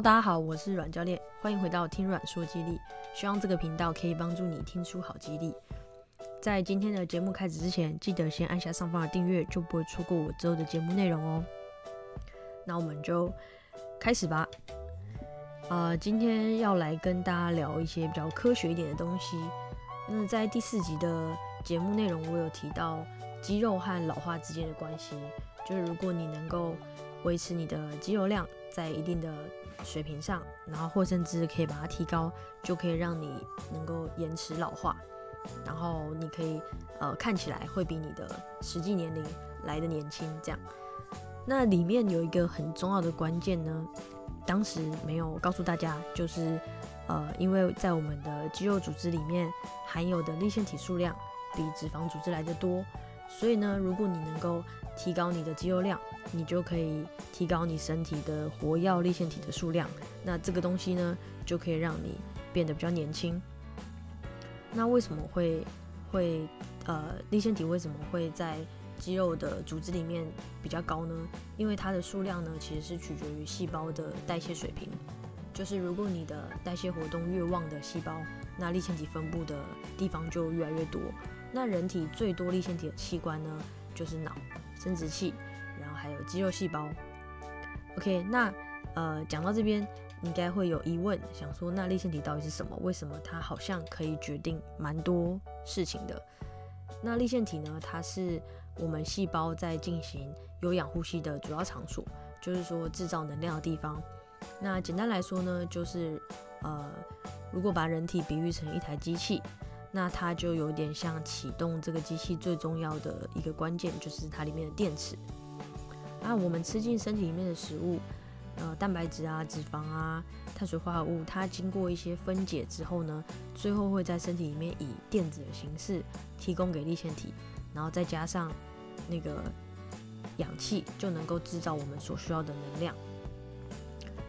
大家好，我是阮教練，歡迎回到聽阮說肌力，希望這個頻道可以幫助你聽出好肌力。在今天的節目開始之前，記得先按下上方的訂閱，就不會錯過我之後的節目內容哦、喔。那我們就開始吧。啊、呃，今天要來跟大家聊一些比較科學一點的東西。那在第四集的節目內容，我有提到肌肉和老化之間的關係，就是如果你能夠維持你的肌肉量在一定的水平上，然後或甚至可以把它提高，就可以讓你能夠延遲老化，然後你可以呃看起來會比你的實際年齡來得年輕。這樣，那裡面有一個很重要的關鍵呢，當時沒有告訴大家，就是呃，因為在我們的肌肉組織裡面含有的粒線體數量比脂肪組織來得多。所以呢，如果你能夠提高你的肌肉量，你就可以提高你身體的活躍粒線體的數量。那這個東西呢，就可以讓你變得比較年輕。那為什麼會會呃粒線體為什麼會在肌肉的組織裡面比較高呢？因為它的數量呢，其實是取決於細胞的代謝水平。就是如果你的代謝活動越旺的細胞，那粒線體分布的地方就越來越多。那人體最多粒線體的器官呢，就是腦、生殖器，然後還有肌肉細胞。OK，那呃講到這邊，應該會有疑問，想說那粒線體到底是什麼？為什麼它好像可以決定蠻多事情的？那粒線體呢，它是我們細胞在進行有氧呼吸的主要場所，就是說制造能量的地方。那簡單來說呢，就是呃，如果把人體比喻成一台機器。那它就有點像啟動這個機器最重要的一個關鍵，就是它裡面的電池。那、啊、我們吃進身體裡面的食物，呃，蛋白質啊、脂肪啊、碳水化合物，它經過一些分解之後呢，最後會在身體裡面以電子的形式提供給線粒體，然後再加上那個氧氣，就能夠製造我們所需要的能量。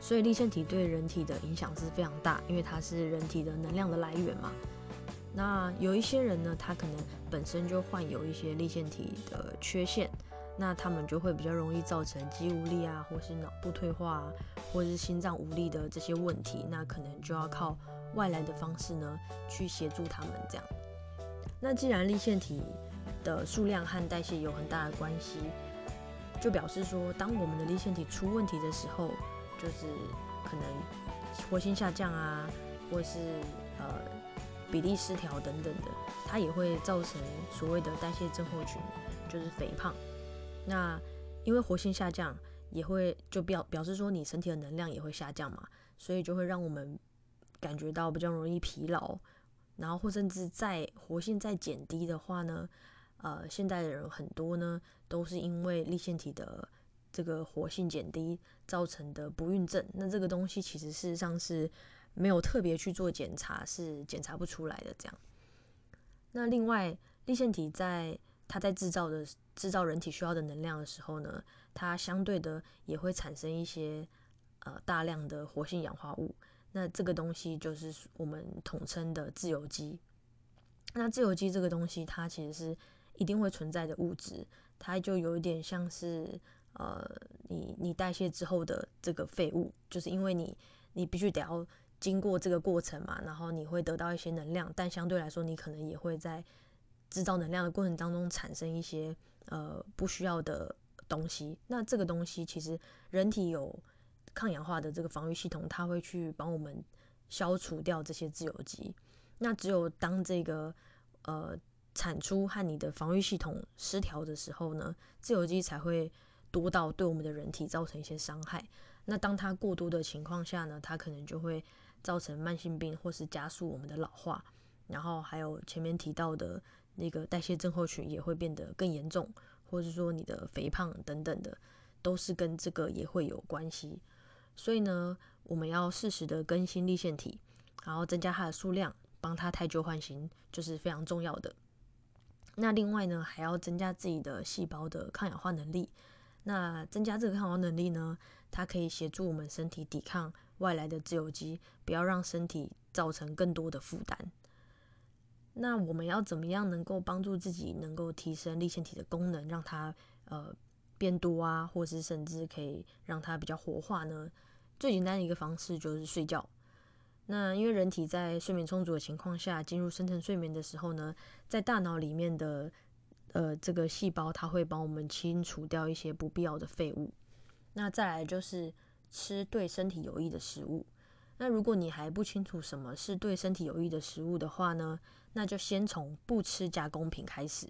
所以，線粒體對人體的影響是非常大，因為它是人體的能量的來源嘛。那有一些人呢，他可能本身就患有一些粒線體的缺陷，那他們就會比較容易造成肌無力啊，或是腦部退化啊，或是心臟無力的這些問題，那可能就要靠外來的方式呢去協助他們這樣。那既然粒線體的數量和代謝有很大的關係，就表示說，當我們的粒線體出問題的時候，就是可能活性下降啊，或是呃。比例失調等等的，它也會造成所謂的代謝症候群，就是肥胖。那因為活性下降，也會就表表示說你身體的能量也會下降嘛，所以就會讓我們感覺到比較容易疲勞。然後或甚至在活性再減低的話呢，呃，現代的人很多呢，都是因為粒線體的這個活性減低造成的不孕症。那這個東西其實事實上是。沒有特別去做檢查，是檢查不出來的。這樣，那另外，粒線體在它在製造的製造人體需要的能量的時候呢，它相對的也會產生一些呃大量的活性氧化物。那這個東西就是我們統稱的自由基。那自由基這個東西，它其實是一定會存在的物質，它就有一點像是呃你你代謝之後的這個廢物，就是因為你你必須得要。經過這個過程嘛，然後你會得到一些能量，但相對來說，你可能也會在製造能量的過程當中產生一些呃不需要的東西。那這個東西其實人體有抗氧化的這個防禦系統，它會去幫我們消除掉這些自由基。那只有當這個呃產出和你的防禦系統失調的時候呢，自由基才會多到對我們的人體造成一些傷害。那當它過多的情況下呢，它可能就會。造成慢性病或是加速我們的老化，然後還有前面提到的那個代謝症候群也會變得更嚴重，或是說你的肥胖等等的，都是跟這個也會有關係。所以呢，我們要適時的更新粒線體，然後增加它的數量，幫它汰舊換新，就是非常重要的。那另外呢，還要增加自己的細胞的抗氧化能力。那增加這個抗氧化能力呢，它可以協助我們身體抵抗，外來的自由基，不要讓身體造成更多的負擔。那我們要怎麼樣能夠幫助自己，能夠提升粒線體的功能，讓它呃變多啊，或是甚至可以讓它比較活化呢？最簡單的一個方式就是睡覺。那因為人體在睡眠充足的情況下，進入深層睡眠的時候呢，在大腦裡面的呃這個細胞，它會幫我們清除掉一些不必要的廢物。那再來就是。吃對身體有益的食物。那如果你還不清楚什麼是對身體有益的食物的話呢，那就先從不吃加工品開始。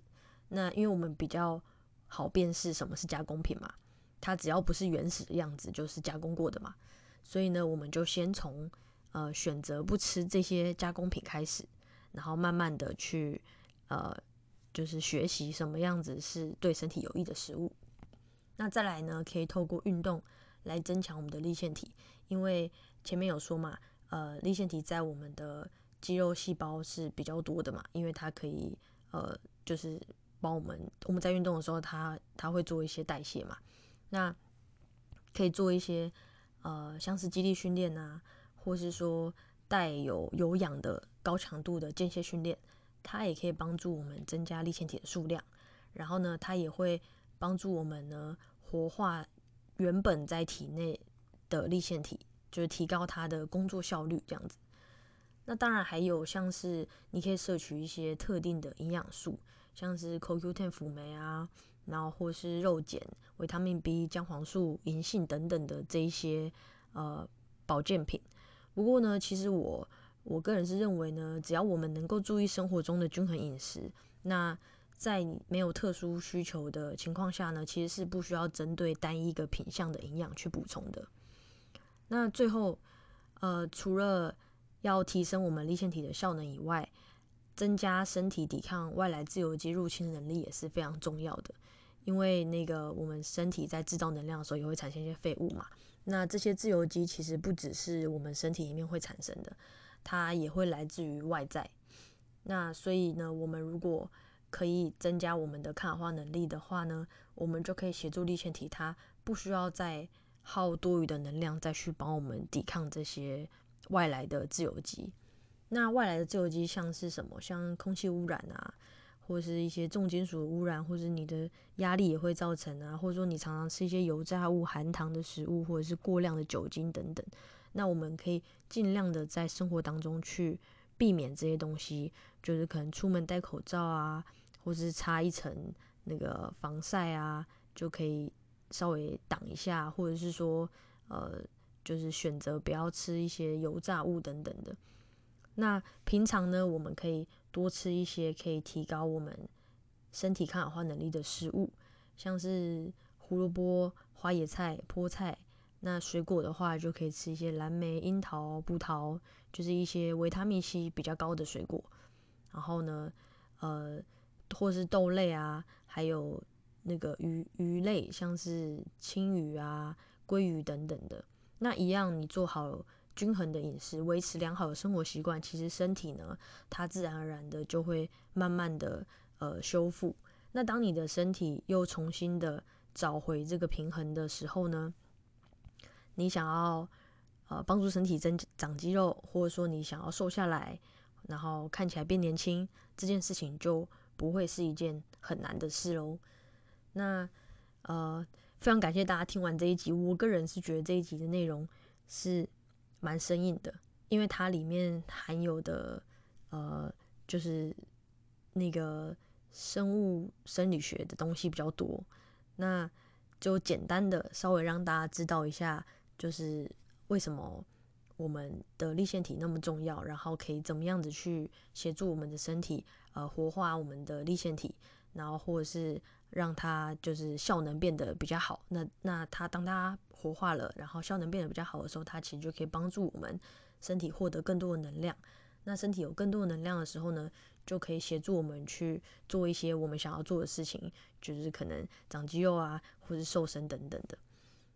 那因為我們比較好辨識什麼是加工品嘛，它只要不是原始的樣子就是加工過的嘛。所以呢，我們就先從呃選擇不吃這些加工品開始，然後慢慢的去呃就是學習什麼樣子是對身體有益的食物。那再來呢，可以透過運動。來增強我們的粒線體，因為前面有說嘛，呃，粒線體在我們的肌肉細胞是比較多的嘛，因為它可以，呃，就是幫我們，我們在運動的時候它，它它會做一些代謝嘛，那可以做一些，呃，像是肌力訓練吶、啊，或是說帶有有氧的高強度的間歇訓練，它也可以幫助我們增加粒線體的數量，然後呢，它也會幫助我們呢活化。原本在體內的粒線體，就是提高它的工作效率這樣子。那當然還有像是你可以攝取一些特定的營養素，像是 CoQ10 輔酶啊，然後或是肉鹼、維他命 B、薑黃素、銀杏等等的這一些呃保健品。不過呢，其實我我個人是認為呢，只要我們能夠注意生活中的均衡飲食，那在你沒有特殊需求的情況下呢，其實是不需要針對單一個品項的營養去補充的。那最後，呃，除了要提升我們粒線體的效能以外，增加身體抵抗外來自由基入侵的能力也是非常重要的。因為那個我們身體在製造能量的時候也會產生一些廢物嘛。那這些自由基其實不只是我們身體裡面會產生的，它也會來自於外在。那所以呢，我們如果可以增加我們的抗氧化能力的話呢，我們就可以協助粒線體，它不需要再耗多餘的能量再去幫我們抵抗這些外來的自由基。那外來的自由基像是什麼？像空氣污染啊，或者是一些重金屬污染，或者是你的壓力也會造成啊，或者說你常常吃一些油炸物、含糖的食物，或者是過量的酒精等等。那我們可以盡量的在生活當中去避免這些東西，就是可能出門戴口罩啊。或是擦一層那個防曬啊，就可以稍微擋一下，或者是說，呃，就是選擇不要吃一些油炸物等等的。那平常呢，我們可以多吃一些可以提高我們身體抗氧化能力的食物，像是胡蘿蔔、花椰菜、菠菜。那水果的話，就可以吃一些藍莓、櫻桃、葡萄，就是一些維他命 C 比較高的水果。然後呢，呃。或是豆類啊，還有那個魚魚類，像是青魚啊、鮭魚等等的，那一樣你做好均衡的飲食，維持良好的生活習慣，其實身體呢，它自然而然的就會慢慢的呃修復。那當你的身體又重新的找回這個平衡的時候呢，你想要呃幫助身體增長肌肉，或者說你想要瘦下來，然後看起來變年輕，這件事情就。不會是一件很難的事哦。那呃，非常感謝大家聽完這一集。我個人是覺得這一集的內容是蠻生硬的，因為它裡面含有的呃，就是那個生物生理學的東西比較多。那就簡單的稍微讓大家知道一下，就是為什麼我們的粒線體那麼重要，然後可以怎麼樣子去協助我們的身體。呃，活化我們的粒線體，然後或者是讓它就是效能變得比較好。那那它當它活化了，然後效能變得比較好的時候，它其實就可以幫助我們身體獲得更多的能量。那身體有更多的能量的時候呢，就可以協助我們去做一些我們想要做的事情，就是可能長肌肉啊，或是瘦身等等的。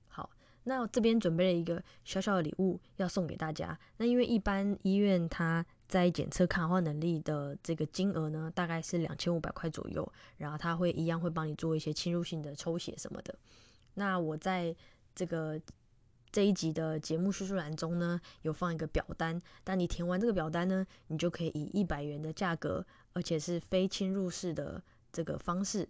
好，那這邊準備了一個小小的禮物要送給大家。那因為一般醫院它。在檢測抗氧化能力的這個金額呢，大概是兩千五百塊左右。然後他會一樣會幫你做一些侵入性的抽血什麼的。那我在這個這一集的節目敘述欄中呢，有放一個表單。當你填完這個表單呢，你就可以以一百元的價格，而且是非侵入式的這個方式，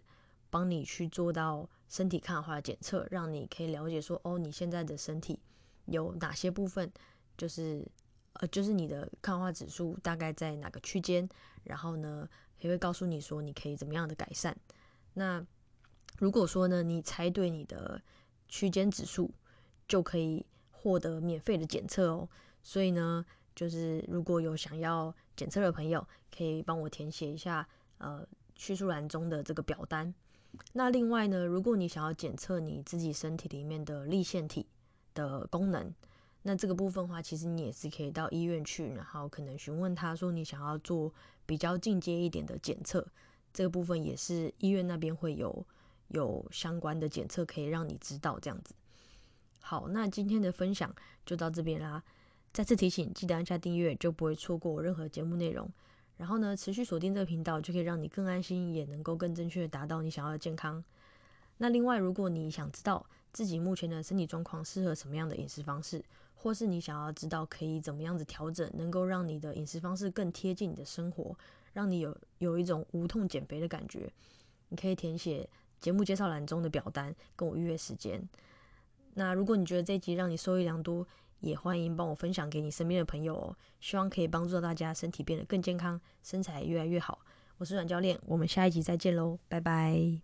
幫你去做到身體抗氧化檢測，讓你可以了解說，哦，你現在的身體有哪些部分就是。呃，就是你的抗氧化指數大概在哪個區間，然後呢，也會告訴你說你可以怎麼樣的改善。那如果說呢，你猜對你的區間指數，就可以獲得免費的檢測哦。所以呢，就是如果有想要檢測的朋友，可以幫我填寫一下呃，敘述欄中的這個表單。那另外呢，如果你想要檢測你自己身體裡面的粒線體的功能。那這個部分的話，其實你也是可以到醫院去，然後可能詢問他說你想要做比較進階一點的檢測，這個部分也是醫院那邊會有有相關的檢測可以讓你知道這樣子。好，那今天的分享就到這邊啦。再次提醒，記得按下訂閱，就不會錯過任何節目內容。然後呢，持續鎖定這個頻道，就可以讓你更安心，也能夠更正確的達到你想要的健康。那另外，如果你想知道自己目前的身體狀況適合什麼樣的飲食方式，或是你想要知道可以怎麼樣子調整，能夠讓你的飲食方式更貼近你的生活，讓你有有一種無痛減肥的感覺，你可以填寫節目介紹欄中的表單，跟我預約時間。那如果你覺得這一集讓你受益良多，也歡迎幫我分享給你身邊的朋友哦。希望可以幫助到大家，身體變得更健康，身材越來越好。我是阮教練，我們下一集再見嘍，拜拜。